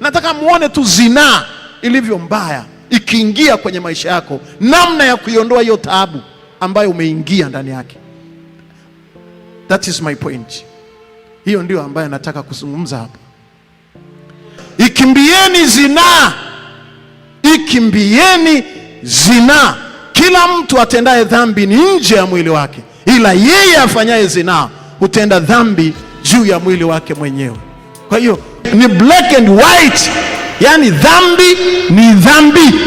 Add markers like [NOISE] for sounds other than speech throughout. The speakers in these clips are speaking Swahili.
Nataka muone tu zinaa ilivyo mbaya ikiingia kwenye maisha yako, namna ya kuiondoa hiyo taabu ambayo umeingia ndani yake. That is my point. Hiyo ndio ambayo nataka kuzungumza hapa. Ikimbieni zinaa, ikimbieni zinaa. Kila mtu atendaye dhambi ni nje ya mwili wake, ila yeye afanyaye zinaa hutenda dhambi juu ya mwili wake mwenyewe. Kwa hiyo ni black and white, yani dhambi ni dhambi.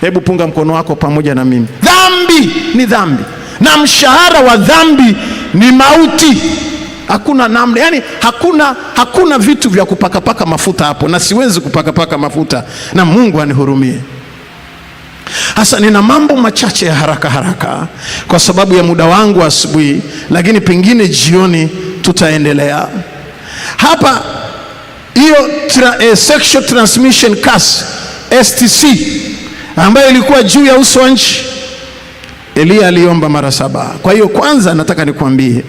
Hebu punga mkono wako pamoja na mimi, dhambi ni dhambi, na mshahara wa dhambi ni mauti. Hakuna namna, yani, hakuna, hakuna vitu vya kupakapaka mafuta hapo, na siwezi kupakapaka mafuta, na Mungu anihurumie. Hasa nina mambo machache ya haraka haraka kwa sababu ya muda wangu asubuhi, lakini pengine jioni tutaendelea hapa hiyo tra, eh, sexual transmission curse STC ambayo ilikuwa juu ya uso wa nchi, Eliya aliomba mara saba. Kwa hiyo kwanza, nataka nikwambie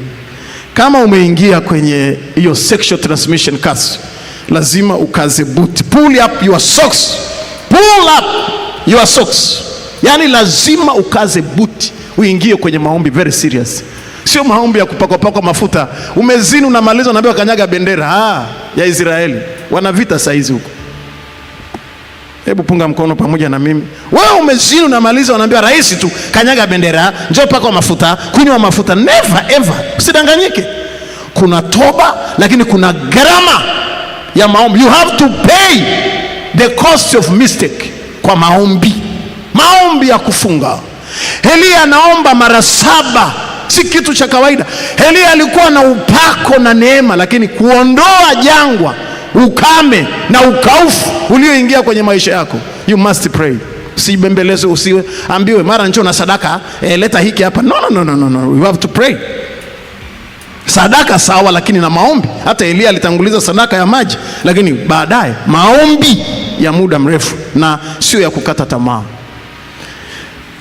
kama umeingia kwenye hiyo sexual transmission curse, lazima ukaze buti, pull up your socks, pull up your socks. Yani lazima ukaze buti uingie kwenye maombi very serious sio maombi ya kupakwapakwa mafuta. Umezini, unamaliza, unaambiwa kanyaga bendera ah, ya Israeli. Wana vita saa hizi huko. Hebu punga mkono pamoja na mimi. Wewe umezini, unamaliza, unaambiwa rahisi tu, kanyaga bendera, njoo pakwa mafuta, kunywa mafuta. Never ever, usidanganyike. Kuna toba, lakini kuna gharama ya maombi. You have to pay the cost of mistake kwa maombi, maombi ya kufunga. Elia anaomba mara saba si kitu cha kawaida. Elia alikuwa na upako na neema, lakini kuondoa jangwa, ukame na ukaufu ulioingia kwenye maisha yako, you must pray. Usibembeleze, usiwe ambiwe mara ncho na sadaka eh, leta hiki hapa. No, no, no, no, no. You have to pray. Sadaka sawa, lakini na maombi. Hata Elia alitanguliza sadaka ya maji, lakini baadaye maombi ya muda mrefu, na sio ya kukata tamaa.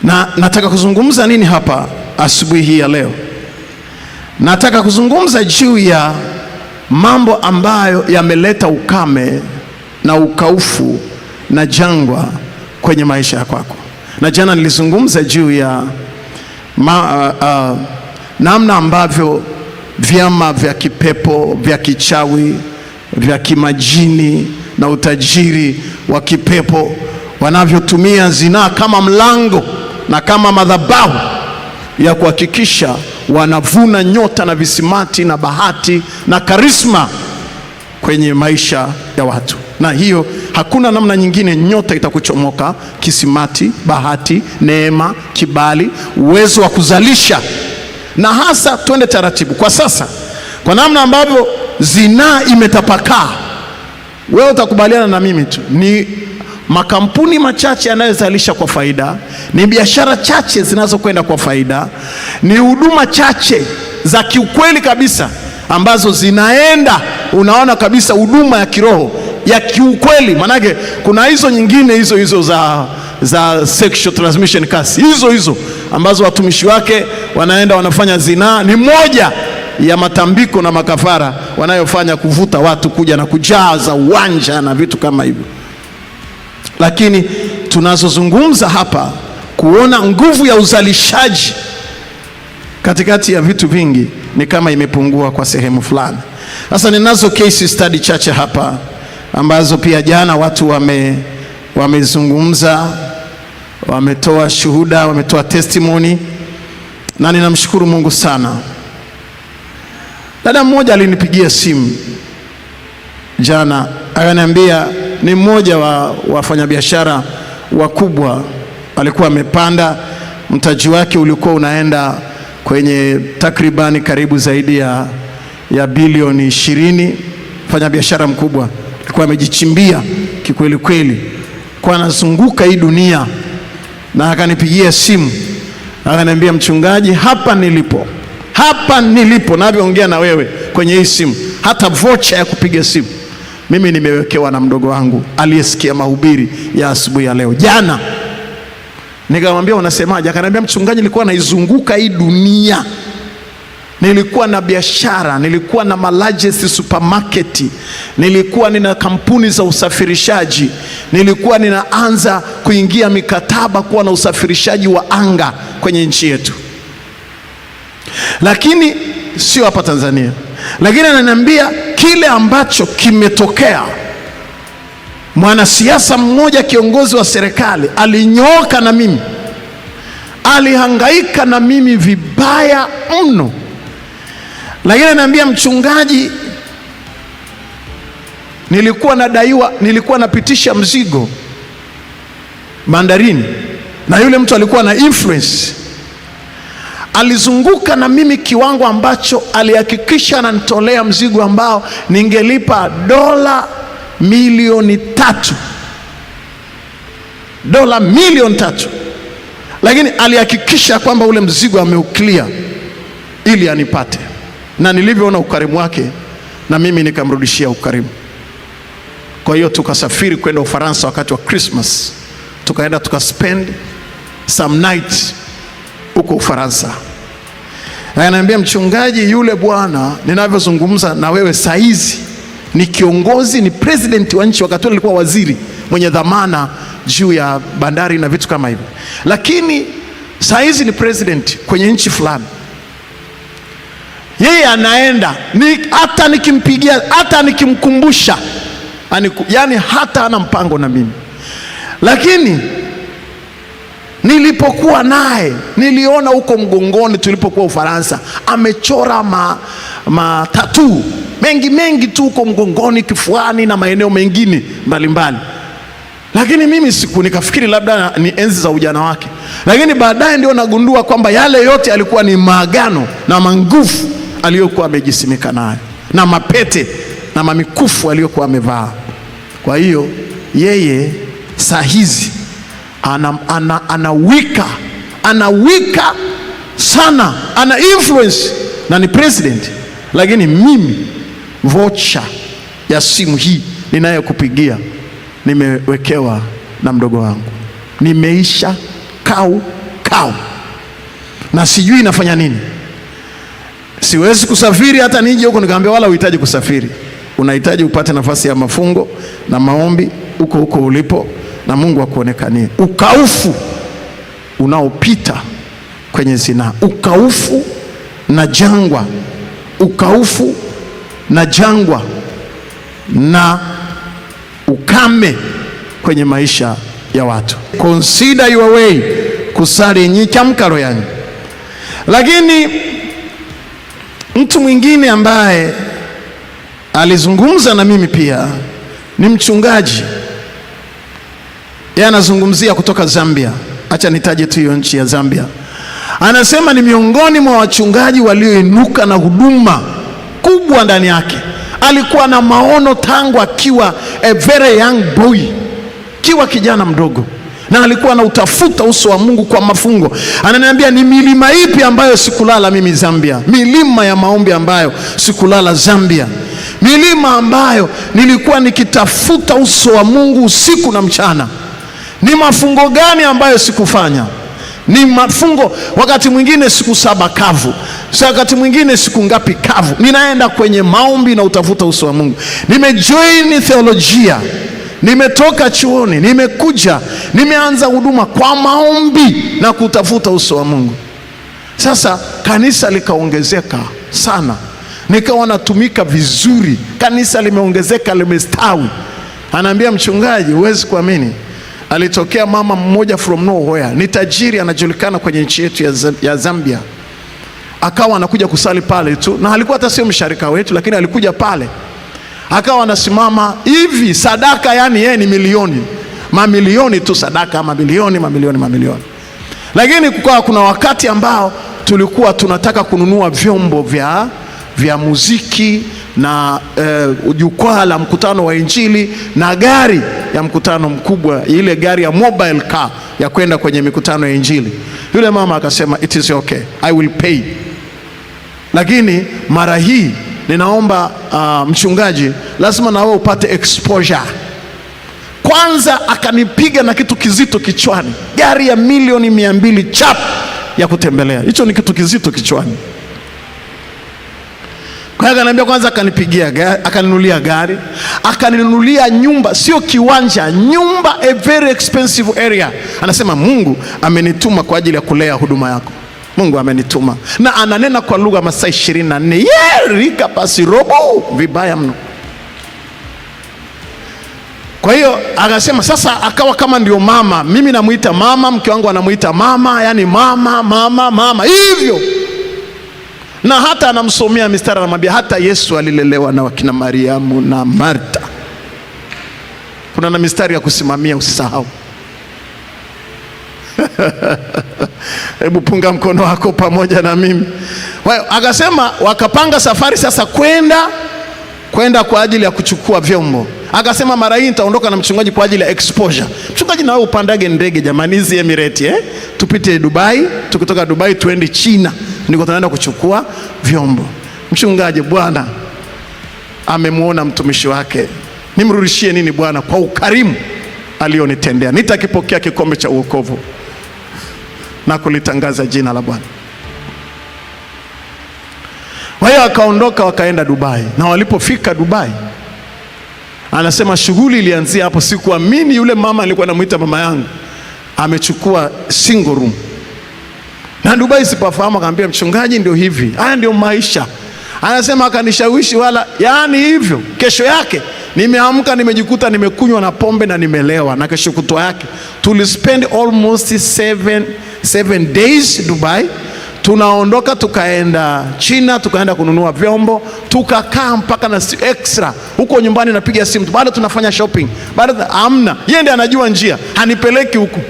Na nataka kuzungumza nini hapa? asubuhi hii ya leo. Nataka kuzungumza juu ya mambo ambayo yameleta ukame na ukaufu na jangwa kwenye maisha ya kwako, na jana nilizungumza juu ya ma, uh, uh, namna ambavyo vyama vya kipepo vya kichawi vya kimajini na utajiri wa kipepo wanavyotumia zinaa kama mlango na kama madhabahu ya kuhakikisha wanavuna nyota na visimati na bahati na karisma kwenye maisha ya watu, na hiyo hakuna namna nyingine. Nyota itakuchomoka, kisimati, bahati, neema, kibali, uwezo wa kuzalisha, na hasa twende taratibu kwa sasa, kwa namna ambavyo zinaa imetapakaa. Wewe utakubaliana na mimi tu ni makampuni machache yanayozalisha kwa faida, ni biashara chache zinazokwenda kwa faida, ni huduma chache za kiukweli kabisa ambazo zinaenda, unaona kabisa huduma ya kiroho ya kiukweli. Manake kuna hizo nyingine hizo hizo za, za sexual transmission case hizo hizo ambazo watumishi wake wanaenda wanafanya zinaa, ni moja ya matambiko na makafara wanayofanya kuvuta watu kuja na kujaza uwanja na vitu kama hivyo. Lakini tunazozungumza hapa, kuona nguvu ya uzalishaji katikati ya vitu vingi ni kama imepungua kwa sehemu fulani. Sasa ninazo case study chache hapa ambazo pia jana watu wame wamezungumza wametoa shuhuda, wametoa testimony na ninamshukuru Mungu sana. Dada mmoja alinipigia simu jana akaniambia ni mmoja wa wafanyabiashara wakubwa, alikuwa amepanda, mtaji wake ulikuwa unaenda kwenye takribani karibu zaidi ya, ya bilioni ishirini. Mfanyabiashara mkubwa alikuwa amejichimbia kikweli kweli, kwa anazunguka hii dunia, na akanipigia simu akaniambia, mchungaji, hapa nilipo hapa nilipo navyoongea na wewe kwenye hii simu, hata vocha ya kupiga simu mimi nimewekewa na mdogo wangu aliyesikia mahubiri ya asubuhi ya leo jana, nikamwambia unasemaje? Akaniambia mchungaji, nilikuwa naizunguka hii dunia, nilikuwa na biashara, nilikuwa na malajesi supermarket, nilikuwa nina kampuni za usafirishaji, nilikuwa ninaanza kuingia mikataba kuwa na usafirishaji wa anga kwenye nchi yetu, lakini sio hapa Tanzania, lakini ananiambia kile ambacho kimetokea. Mwanasiasa mmoja, kiongozi wa serikali, alinyooka na mimi, alihangaika na mimi vibaya mno, lakini anaambia mchungaji, nilikuwa nadaiwa, nilikuwa napitisha mzigo bandarini, na yule mtu alikuwa na influence alizunguka na mimi kiwango ambacho alihakikisha ananitolea mzigo ambao ningelipa dola milioni tatu, dola milioni tatu, lakini alihakikisha kwamba ule mzigo ameuklia ili anipate, na nilivyoona ukarimu wake na mimi nikamrudishia ukarimu. Kwa hiyo tukasafiri kwenda Ufaransa wakati wa Christmas, tukaenda tukaspend some night huko Ufaransa, na ananiambia mchungaji, yule bwana ninavyozungumza na wewe saizi ni kiongozi, ni president wa nchi, wakati alikuwa waziri mwenye dhamana juu ya bandari na vitu kama hivyo, lakini saizi ni president kwenye nchi fulani yeye anaenda ni, hata nikimpigia hata nikimkumbusha aniku, yani hata ana mpango na mimi, lakini Nilipokuwa naye niliona huko mgongoni tulipokuwa Ufaransa, amechora matatuu ma mengi mengi tu huko mgongoni, kifuani na maeneo mengine mbalimbali, lakini mimi siku nikafikiri labda ni enzi za ujana wake, lakini baadaye ndio nagundua kwamba yale yote alikuwa ni maagano na mangufu aliyokuwa amejisimika nayo na mapete na mamikufu aliyokuwa amevaa. Kwa hiyo yeye saa hizi anawika ana, ana anawika sana, ana influence na ni president, lakini mimi vocha ya simu hii ninayokupigia nimewekewa na mdogo wangu, nimeisha kau kau, na sijui nafanya nini. Siwezi kusafiri, hata nije huko nikaambia, wala uhitaji kusafiri, unahitaji upate nafasi ya mafungo na maombi huko huko ulipo na Mungu akuonekanie. Ukaufu unaopita kwenye zinaa, ukaufu na jangwa, ukaufu na jangwa na ukame kwenye maisha ya watu. Consider your way kusalinyi chamkalo yani. Lakini mtu mwingine ambaye alizungumza na mimi pia ni mchungaji yeye anazungumzia kutoka Zambia. Acha nitaje tu hiyo nchi ya Zambia. Anasema ni miongoni mwa wachungaji walioinuka na huduma kubwa ndani yake. Alikuwa na maono tangu akiwa a very young boy, kiwa kijana mdogo, na alikuwa utafuta uso wa Mungu kwa mafungo. Ananiambia, ni milima ipi ambayo sikulala mimi Zambia? Milima ya maombi ambayo sikulala Zambia, milima ambayo nilikuwa nikitafuta uso wa Mungu usiku na mchana ni mafungo gani ambayo sikufanya? Ni mafungo, wakati mwingine siku saba kavu, wakati mwingine siku ngapi kavu. Ninaenda kwenye maombi na utafuta uso wa Mungu. Nimejoin theolojia, nimetoka chuoni, nimekuja, nimeanza huduma kwa maombi na kutafuta uso wa Mungu. Sasa kanisa likaongezeka sana, nikawa natumika vizuri, kanisa limeongezeka, limestawi. Anaambia mchungaji, huwezi kuamini alitokea mama mmoja from nowhere, ni tajiri anajulikana kwenye nchi yetu ya Zambia, akawa anakuja kusali pale tu, na alikuwa hata sio msharika wetu, lakini alikuja pale akawa anasimama hivi sadaka, yani yeye ni milioni mamilioni tu sadaka, mamilioni mamilioni mamilioni. Lakini kukawa kuna wakati ambao tulikuwa tunataka kununua vyombo vya vya muziki na uh, jukwaa la mkutano wa Injili na gari ya mkutano mkubwa, ile gari ya mobile car ya kwenda kwenye mikutano ya Injili. Yule mama akasema it is okay, I will pay, lakini mara hii ninaomba uh, mchungaji, lazima na upate exposure kwanza. Akanipiga na kitu kizito kichwani, gari ya milioni mia mbili chap ya kutembelea. Hicho ni kitu kizito kichwani. Kwa hiyo akaniambia kwanza, akanipigia gari, akaninunulia gari, akaninunulia nyumba, sio kiwanja, nyumba, a very expensive area. Anasema Mungu amenituma kwa ajili ya kulea huduma yako. Mungu amenituma na ananena kwa lugha masaa ishirini na nne yerika pasi robo vibaya mno. Kwa hiyo akasema sasa, akawa kama ndio mama, mimi namwita mama, mke wangu anamwita mama, yani mama mama mama hivyo na hata anamsomea mistari, anamwambia hata Yesu alilelewa na wakina Mariamu na Marta. Kuna na mistari ya kusimamia, usisahau. [LAUGHS] Hebu punga mkono wako pamoja na mimi. Wao akasema wakapanga safari sasa kwenda kwenda kwa ajili ya kuchukua vyombo. Akasema mara hii nitaondoka na mchungaji kwa ajili ya exposure. Mchungaji, na wewe upandage ndege jamani, hizi Emirates eh, tupite Dubai, tukitoka Dubai tuende China ndiko tunaenda kuchukua vyombo. Mchungaji, Bwana amemwona mtumishi wake, nimrudishie nini Bwana kwa ukarimu alionitendea? Nitakipokea kikombe cha uokovu na kulitangaza jina la Bwana. Kwa hiyo wakaondoka wakaenda Dubai, na walipofika Dubai anasema shughuli ilianzia hapo. Sikuamini yule mama alikuwa anamwita mama yangu amechukua single room na Dubai sipafahamu. Akaambia mchungaji, ndio hivi, haya ndio maisha. Anasema akanishawishi, wala yaani hivyo. Kesho yake nimeamka nimejikuta nimekunywa na pombe na nimelewa, na kesho kutwa yake tulispend almost seven, seven days Dubai. Tunaondoka tukaenda China, tukaenda kununua vyombo, tukakaa mpaka na extra huko nyumbani. Napiga simu bado tunafanya shopping bado, amna yeye ndiye anajua njia, hanipeleki huko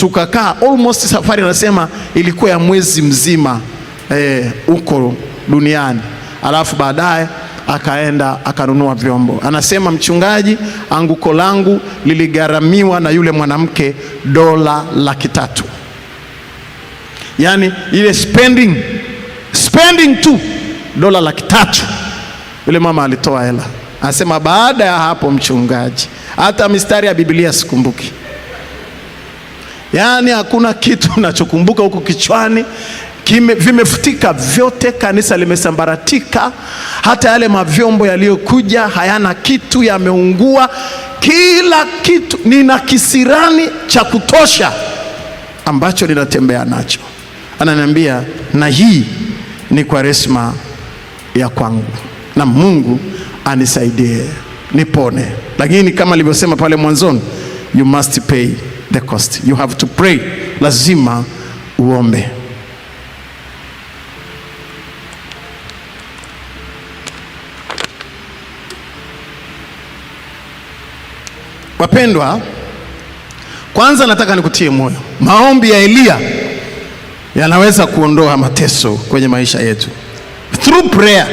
tukakaa almost, safari anasema ilikuwa ya mwezi mzima huko eh, e, duniani, alafu baadaye akaenda akanunua vyombo. Anasema mchungaji, anguko langu liligharamiwa na yule mwanamke dola laki tatu. Yaani ile spending spending tu dola laki tatu yule mama alitoa hela. Anasema baada ya hapo, mchungaji, hata mistari ya Biblia sikumbuki. Yaani hakuna kitu nachokumbuka huko kichwani kime, vimefutika vyote, kanisa limesambaratika, hata yale mavyombo yaliyokuja hayana kitu, yameungua kila kitu. Nina kisirani cha kutosha ambacho ninatembea nacho. Ananiambia, na hii ni kwa resma ya kwangu, na Mungu anisaidie nipone. Lakini kama alivyosema pale mwanzoni you must pay the cost, you have to pray, lazima uombe. Wapendwa, kwanza nataka nikutie moyo, maombi ya Eliya yanaweza kuondoa mateso kwenye maisha yetu through prayer.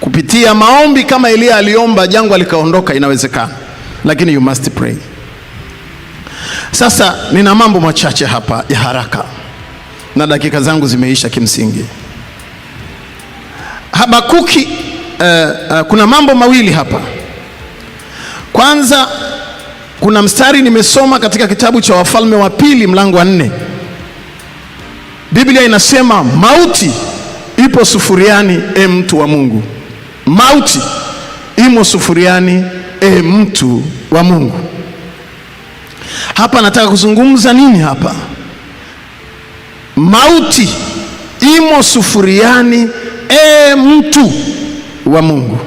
Kupitia maombi kama Eliya aliomba, jangwa likaondoka, inawezekana lakini you must pray. Sasa nina mambo machache hapa ya haraka na dakika zangu zimeisha kimsingi. Habakuki uh, uh, kuna mambo mawili hapa. Kwanza kuna mstari nimesoma katika kitabu cha Wafalme wa Pili mlango wa nne. Biblia inasema mauti ipo sufuriani, e mtu wa Mungu, mauti imo sufuriani e mtu wa Mungu. Hapa nataka kuzungumza nini? Hapa mauti imo sufuriani, e mtu wa Mungu.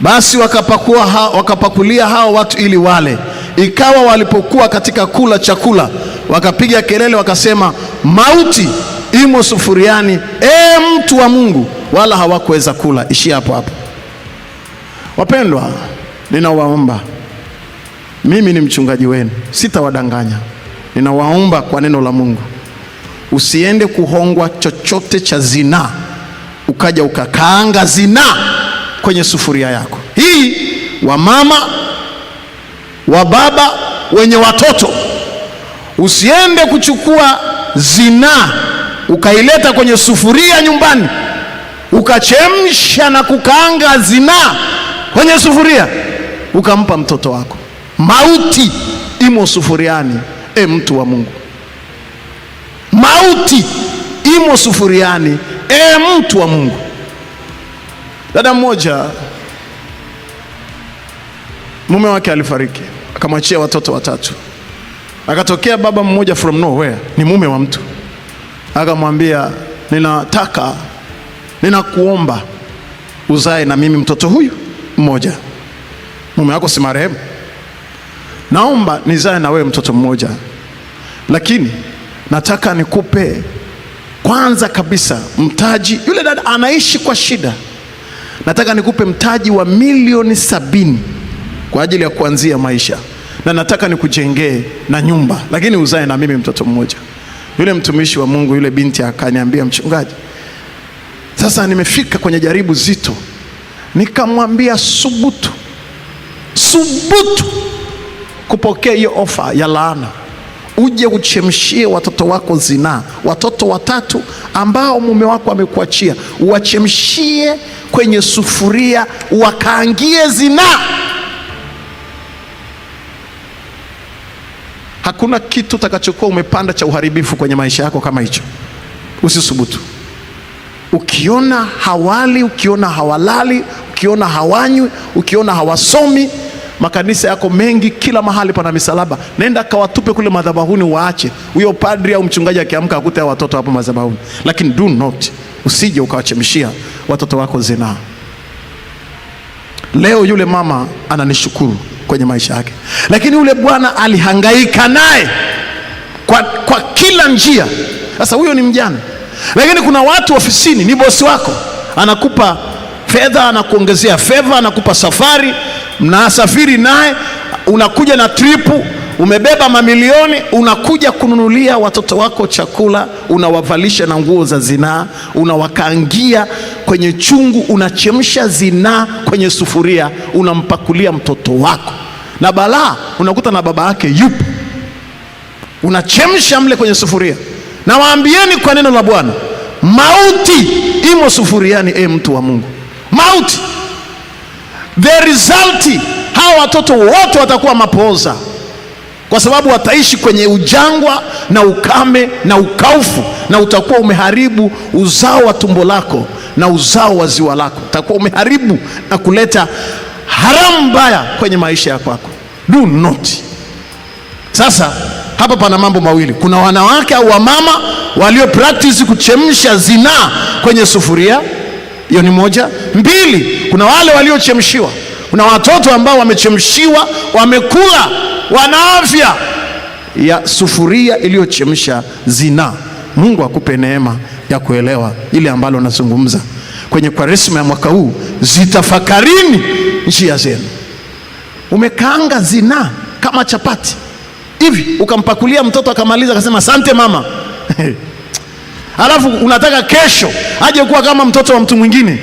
Basi wakapakua ha, wakapakulia hao watu ili wale. Ikawa walipokuwa katika kula chakula, wakapiga kelele wakasema, mauti imo sufuriani, e mtu wa Mungu, wala hawakuweza kula. Ishia hapo hapo. Wapendwa, ninawaomba, mimi ni mchungaji wenu, sitawadanganya. Ninawaomba kwa neno la Mungu, usiende kuhongwa chochote cha zinaa ukaja ukakaanga zinaa kwenye sufuria yako hii. Wamama, baba wenye watoto, usiende kuchukua zinaa ukaileta kwenye sufuria nyumbani ukachemsha na kukaanga zinaa kwenye sufuria, ukampa mtoto wako. Mauti imo sufuriani, e mtu wa Mungu, mauti imo sufuriani, e mtu wa Mungu. Dada mmoja mume wake alifariki, akamwachia watoto watatu. Akatokea baba mmoja from nowhere, ni mume wa mtu, akamwambia ninataka, ninakuomba uzae na mimi mtoto huyu mmoja. Mume wako si marehemu. Naomba nizae na wewe mtoto mmoja, lakini nataka nikupe kwanza kabisa mtaji. Yule dada anaishi kwa shida, nataka nikupe mtaji wa milioni sabini kwa ajili ya kuanzia maisha, na nataka nikujengee na nyumba, lakini uzae na mimi mtoto mmoja. Yule mtumishi wa Mungu, yule binti akaniambia, mchungaji, sasa nimefika kwenye jaribu zito Nikamwambia subutu, subutu kupokea hiyo ofa ya laana, uje uchemshie watoto wako zinaa, watoto watatu ambao mume wako amekuachia, uwachemshie kwenye sufuria wakaangie zinaa. Hakuna kitu utakachokuwa umepanda cha uharibifu kwenye maisha yako kama hicho. Usisubutu. Ukiona hawali, ukiona hawalali ukiona hawanywi, ukiona hawasomi. Makanisa yako mengi, kila mahali pana misalaba. Nenda kawatupe kule madhabahuni, waache. Huyo padri au mchungaji akiamka akute watoto hapo madhabahuni, lakini do not, usije ukawachemshia watoto wako zinaa. Leo yule mama ananishukuru kwenye maisha yake, lakini yule bwana alihangaika naye kwa, kwa kila njia. Sasa huyo ni mjana, lakini kuna watu ofisini, ni bosi wako anakupa fedha, anakuongezea fedha, anakupa safari, mnasafiri naye, unakuja na tripu umebeba mamilioni, unakuja kununulia watoto wako chakula, unawavalisha na nguo za zinaa, unawakaangia kwenye chungu, unachemsha zinaa kwenye sufuria, unampakulia mtoto wako, na balaa unakuta na baba yake yupo, unachemsha mle kwenye sufuria. nawaambieni kwa neno la Bwana, mauti imo sufuriani, e mtu wa Mungu mauti, the result, hawa watoto wote watakuwa mapooza, kwa sababu wataishi kwenye ujangwa na ukame na ukaufu, na utakuwa umeharibu uzao wa tumbo lako na uzao wa ziwa lako, utakuwa umeharibu na kuleta haramu mbaya kwenye maisha ya kwako. Do not. Sasa hapa pana mambo mawili. Kuna wanawake au wamama walio practice kuchemsha zinaa kwenye sufuria hiyo ni moja. Mbili, kuna wale waliochemshiwa. Kuna watoto ambao wamechemshiwa, wamekula, wana afya ya sufuria iliyochemsha zinaa. Mungu akupe neema ya kuelewa ile ambalo nazungumza kwenye Kwaresma ya mwaka huu. Zitafakarini njia zenu. Umekaanga zinaa kama chapati hivi ukampakulia mtoto akamaliza akasema asante mama [LAUGHS] alafu unataka kesho aje kuwa kama mtoto wa mtu mwingine?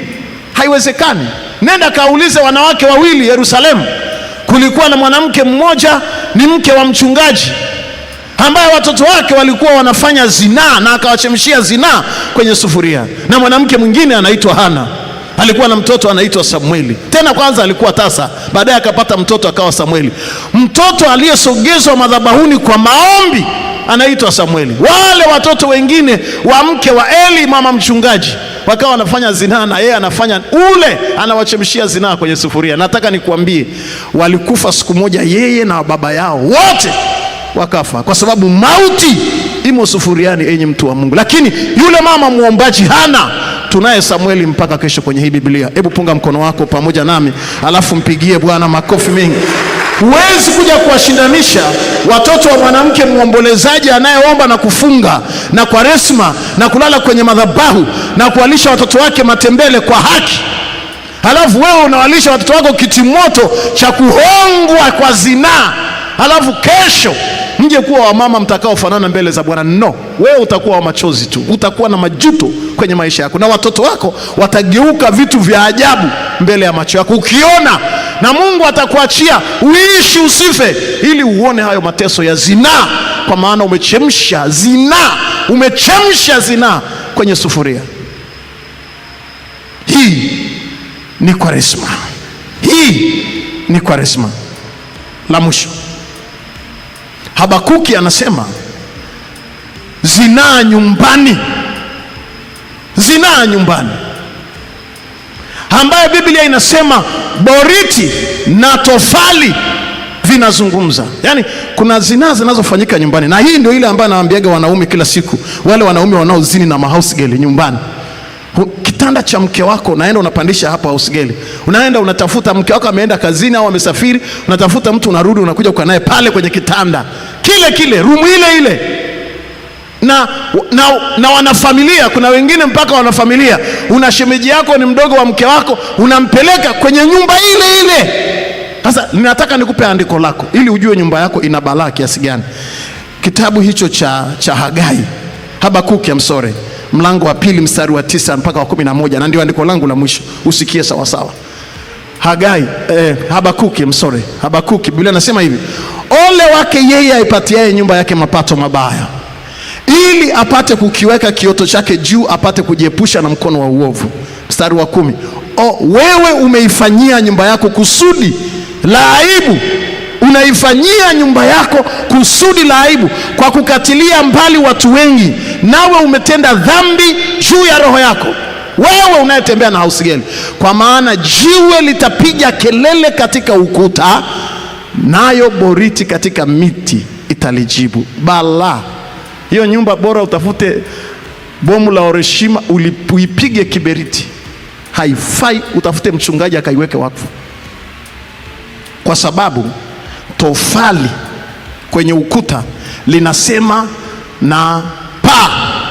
Haiwezekani. Nenda kaulize wanawake wawili Yerusalemu, kulikuwa na mwanamke mmoja ni mke wa mchungaji ambaye watoto wake walikuwa wanafanya zinaa na akawachemshia zinaa kwenye sufuria, na mwanamke mwingine anaitwa Hana alikuwa na mtoto anaitwa Samueli. Tena kwanza alikuwa tasa, baadaye akapata mtoto akawa Samueli, mtoto aliyesogezwa madhabahuni kwa maombi anaitwa Samueli. Wale watoto wengine wa mke wa Eli, mama mchungaji, wakawa wanafanya zinaa na yeye anafanya ule, anawachemshia zinaa kwenye sufuria. Nataka nikuambie, walikufa siku moja, yeye na baba yao wote wakafa, kwa sababu mauti imo sufuriani, enyi mtu wa Mungu. Lakini yule mama muombaji hana tunaye Samueli mpaka kesho kwenye hii Biblia. Hebu punga mkono wako pamoja nami, alafu mpigie Bwana makofi mengi. Huwezi kuja kuwashindanisha watoto wa mwanamke mwombolezaji anayeomba na kufunga na kwa resma na kulala kwenye madhabahu na kuwalisha watoto wake matembele kwa haki, halafu wewe unawalisha watoto wako kitimoto cha kuhongwa kwa zinaa, halafu kesho mje kuwa wamama mtakaofanana mbele za Bwana. No, wewe utakuwa wa machozi tu, utakuwa na majuto kwenye maisha yako, na watoto wako watageuka vitu vya ajabu mbele ya macho yako ukiona na Mungu atakuachia uishi usife, ili uone hayo mateso ya zinaa, kwa maana umechemsha zinaa, umechemsha zinaa kwenye sufuria. Hii ni Kwaresma, hii ni Kwaresma. La mwisho, Habakuki anasema zinaa nyumbani, zinaa nyumbani, ambayo Biblia inasema boriti na tofali vinazungumza. Yaani kuna zinaa zinazofanyika nyumbani, na hii ndio ile ambayo naambiaga wanaume kila siku, wale wanaume wanaozini na mahausgeli nyumbani kitanda cha mke wako unaenda unapandisha hapa girl, unaenda unatafuta mke wako ameenda kazini au amesafiri, unatafuta mtu unarudi, unakuja uka naye pale kwenye kitanda kile kile, rumu ile ile na, na, na wanafamilia. Kuna wengine mpaka wanafamilia, una shemeji yako ni mdogo wa mke wako, unampeleka kwenye nyumba ile ile. Sasa ninataka nikupe andiko lako ili ujue nyumba yako ina balaa kiasi gani. Kitabu hicho cha, cha Hagai, Habakuki, I'm sorry, mlango wa pili mstari wa tisa mpaka wa kumi na moja na ndio andiko langu la mwisho, usikie sawasawa. Hagai eh, Habakuki, I'm sorry, Habakuki. Biblia nasema hivi: ole wake yeye aipatiaye nyumba yake mapato mabaya ili apate kukiweka kioto chake juu, apate kujiepusha na mkono wa uovu. Mstari wa kumi. O, wewe umeifanyia nyumba yako kusudi la aibu. Unaifanyia nyumba yako kusudi la aibu kwa kukatilia mbali watu wengi, nawe umetenda dhambi juu ya roho yako, wewe unayetembea na hausigeli. Kwa maana jiwe litapiga kelele katika ukuta, nayo boriti katika miti italijibu balaa. Hiyo nyumba bora utafute bomu la Oreshima uipige kiberiti, haifai. Utafute mchungaji akaiweke wakfu, kwa sababu tofali kwenye ukuta linasema na paa,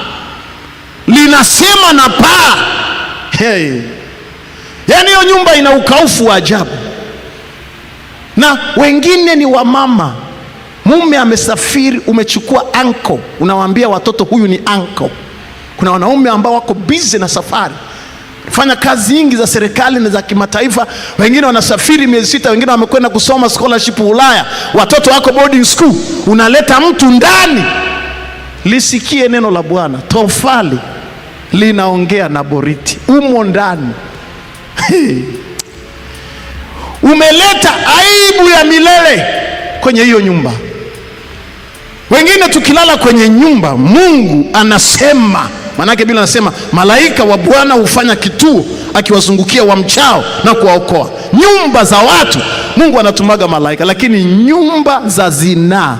linasema na paa. Hey, yaani hiyo nyumba ina ukaufu wa ajabu, na wengine ni wamama mume amesafiri, umechukua anko, unawaambia watoto huyu ni anko. Kuna wanaume ambao wako busy na safari, fanya kazi nyingi za serikali na za kimataifa, wengine wanasafiri miezi sita, wengine wamekwenda kusoma scholarship Ulaya, watoto wako boarding school, unaleta mtu ndani. Lisikie neno la Bwana, tofali linaongea na boriti, umo ndani [LAUGHS] Umeleta aibu ya milele kwenye hiyo nyumba. Wengine tukilala kwenye nyumba, Mungu anasema, maanake Biblia anasema malaika wa Bwana hufanya kituo akiwazungukia wamchao na kuwaokoa. Nyumba za watu Mungu anatumaga malaika, lakini nyumba za zinaa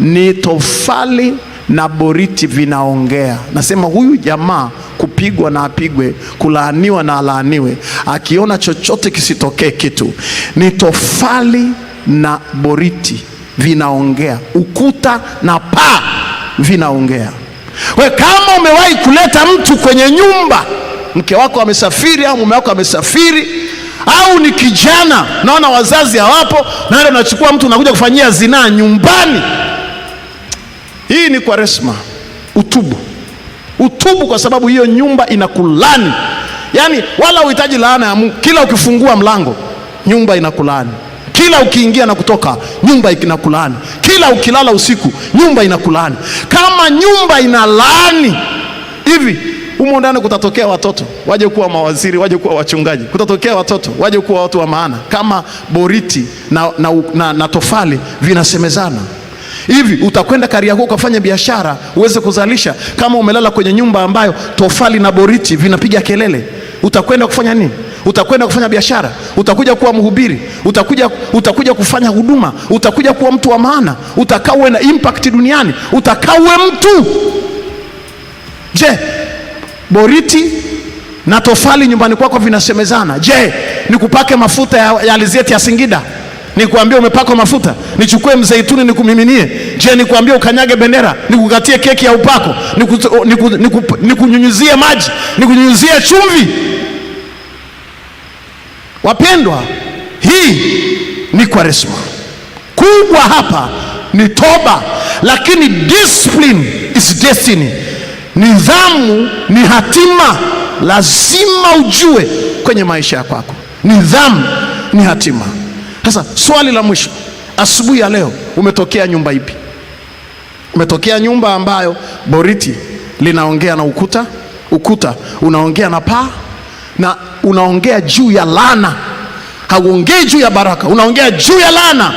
ni tofali na boriti vinaongea. Nasema huyu jamaa kupigwa na apigwe, kulaaniwa na alaaniwe, akiona chochote kisitokee kitu. Ni tofali na boriti vinaongea, ukuta na paa vinaongea. We, kama umewahi kuleta mtu kwenye nyumba, mke wako amesafiri au mume wako amesafiri, au ni kijana, naona wazazi hawapo, naenda unachukua mtu unakuja kufanyia zinaa nyumbani, hii ni kwa resma utubu, utubu, kwa sababu hiyo nyumba inakulani. Yani wala uhitaji laana ya Mungu, kila ukifungua mlango nyumba inakulani. Kila ukiingia na kutoka nyumba inakulaani, kila ukilala usiku nyumba inakulaani. Kama nyumba inalaani hivi humo ndani kutatokea watoto waje kuwa mawaziri, waje kuwa wachungaji, kutatokea watoto waje kuwa watu wa maana. Kama boriti na, na, na, na tofali vinasemezana hivi, utakwenda Kariakoo ukafanya biashara uweze kuzalisha, kama umelala kwenye nyumba ambayo tofali na boriti vinapiga kelele utakwenda kufanya nini? Utakwenda kufanya biashara, utakuja kuwa mhubiri, utakuja, utakuja kufanya huduma, utakuja kuwa mtu wa maana, utakaa uwe na impact duniani, utakaa uwe mtu. Je, boriti na tofali nyumbani kwako vinasemezana? Je, nikupake mafuta ya alizeti ya Singida? Nikuambie umepakwa mafuta, nichukue mzeituni nikumiminie? Je, nikuambie ukanyage bendera, nikukatie keki ya upako, nikunyunyuzie niku, niku, niku maji, nikunyunyuzie chumvi? Wapendwa, hii ni Kwaresma. Kubwa hapa ni toba, lakini discipline is destiny. Nidhamu ni hatima. Lazima ujue kwenye maisha ya kwako, nidhamu ni hatima. Sasa swali la mwisho, asubuhi ya leo umetokea nyumba ipi? Umetokea nyumba ambayo boriti linaongea na ukuta, ukuta unaongea na paa, na unaongea juu ya laana. Hauongei juu ya baraka, unaongea juu ya laana.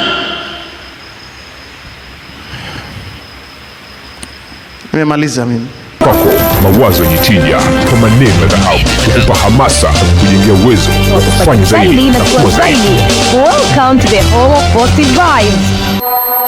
Nimemaliza mimi kwako mawazo yenye tija kwa maneno ya dhahabu kukupa hamasa kujengea uwezo wa kufanya zaidi na kuwa zaidi. Welcome to the Hall of Positive Vibes.